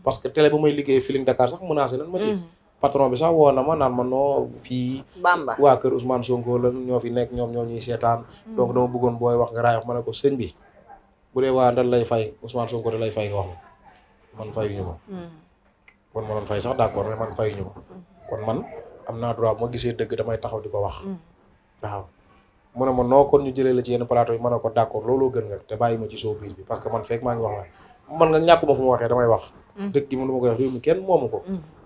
parce que télé ba may liggéey Feeling Dakar sax menacé nan ma ci mhm. patron bi sax woo naan ma noo fii waa kër Ousmane Sonko la ñoo fi nekk ñoom ñoo ñu seetaan mhm. donc dama bëggoon booy wax nga raay bu dee waa dan lay fay Ousmane Sonko da lay fay nga wax ma man fayuñu ma mhm. kon ma doon sax d'accord mais man fayuñu di ko wax waaw mu ne ma noo maa ngi wax la man nga ñàkkuma fu waxee damay wax dëkk gi moom dama ko wax réew mi kenn moomu ko.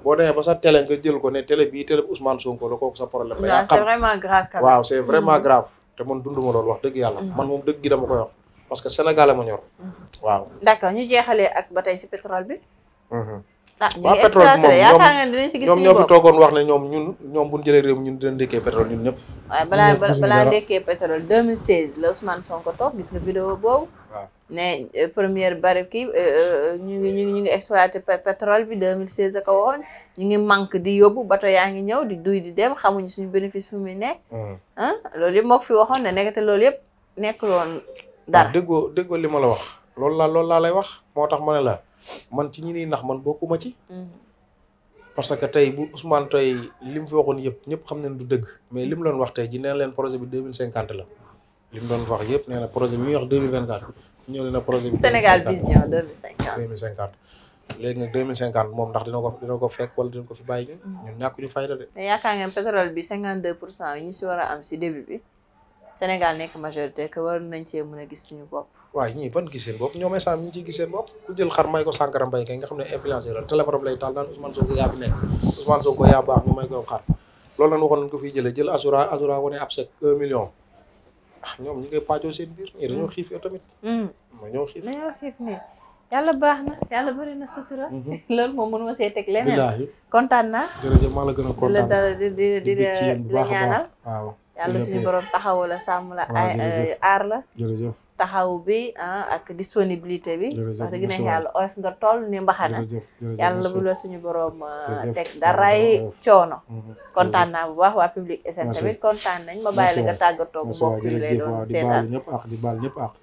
boo demee ba sa télé nga jël ko né télé bi télé Ousmane Sonko lako ko sa problème. la yaa xam c'est vraiment grave. waaw c'est vraiment grave té mon dunduma loolu wax dëgg yalla man moom dëgg gi dama ko wax parce que Sénégal mo ñor. waaw d'accord ñu jéxalé ak batay ci pétrole bi. ah ñu ngi exploité yaakaar ngeen dinañ si gis ñom ñoo fi toogoon wax ne ñom ñun ñom bu ñu réew ñun dina ndékkee pétrole ñun ñëpp. waaw balaa balaa ndékkee pétrole 2016 la Sonko toog gis nga vidéo boobu. waaw ne euh, première baril kii euh, euh, ñu ngi ñu ngi ñu ngi exploité pétrole bi 2016 ak woon ñi ngi manque di yóbbu bato yaa ngi ñëw di duy di dem xamuñ suñu bénéfice fu muy nekk. Hmm. loolu yëpp moo ko fi waxoon ne nekk te loolu yëpp nekkul woon dara. Ah, déggoo déggoo li ma la wax loolu laa loolu laa lay wax moo tax ma ne la man ci ñi nii ndax man bokkuma ci. Hmm. parce que tey bu Ousmane tey li yëpp ñëpp xam nañ du dëgg mais li mu doon leen projet bi 2050 la li mu doon wax yëpp nee na projet bi ñuy wax ñëw na projet bi. Sénégal vision 2050 2050. léegi nag 2050 moom ndax dina ko dina ko fekk wala dina ko fi bàyyi ñun mm. ñàkk ñu fayda de. mais yaakaar ngeen pétrole bi 52 ñu si war a am si bi Sénégal nekk majorité que war nañ cee mën a gis suñu bopp. waaw ñii ban gis seen bopp ñoom instant bi ñu ciy seen bopp ku jël xar may ko Sankara Mbaye kay xam ne influenceur la téléphone lay taal naan Ousmane Sonko yaa fi nekk ñu may ko xar loolu la ñu waxoon nañ ko fiy jëlee jël Azura Azura wane ab chèque 1 million. ah ñoom ñi ngay paajoo seen biir ñii dañoo xiif yow tamit ma mm. xiif dañoo xiif baax na yàlla bëri na sutura mhm. loolu moom mënu ma see teg leneen kontaan naa jërëjëf maa la gën a kontaan la di di di la ñaanal waaw yàlla suñu la sàmm aar la taxaw bi ah, ak disponibilité bi wax dëgg na yàlla oyof nga tool ni mbaxana yàlla bu la suñu boroom ah, teg daray coono mm-hmm. kontaan naa bu baax waa Public SN bi kontaan nañ ma bàyyi la nga tàggatoo mbokk yi lay doon seetaan di baal ñëpp ak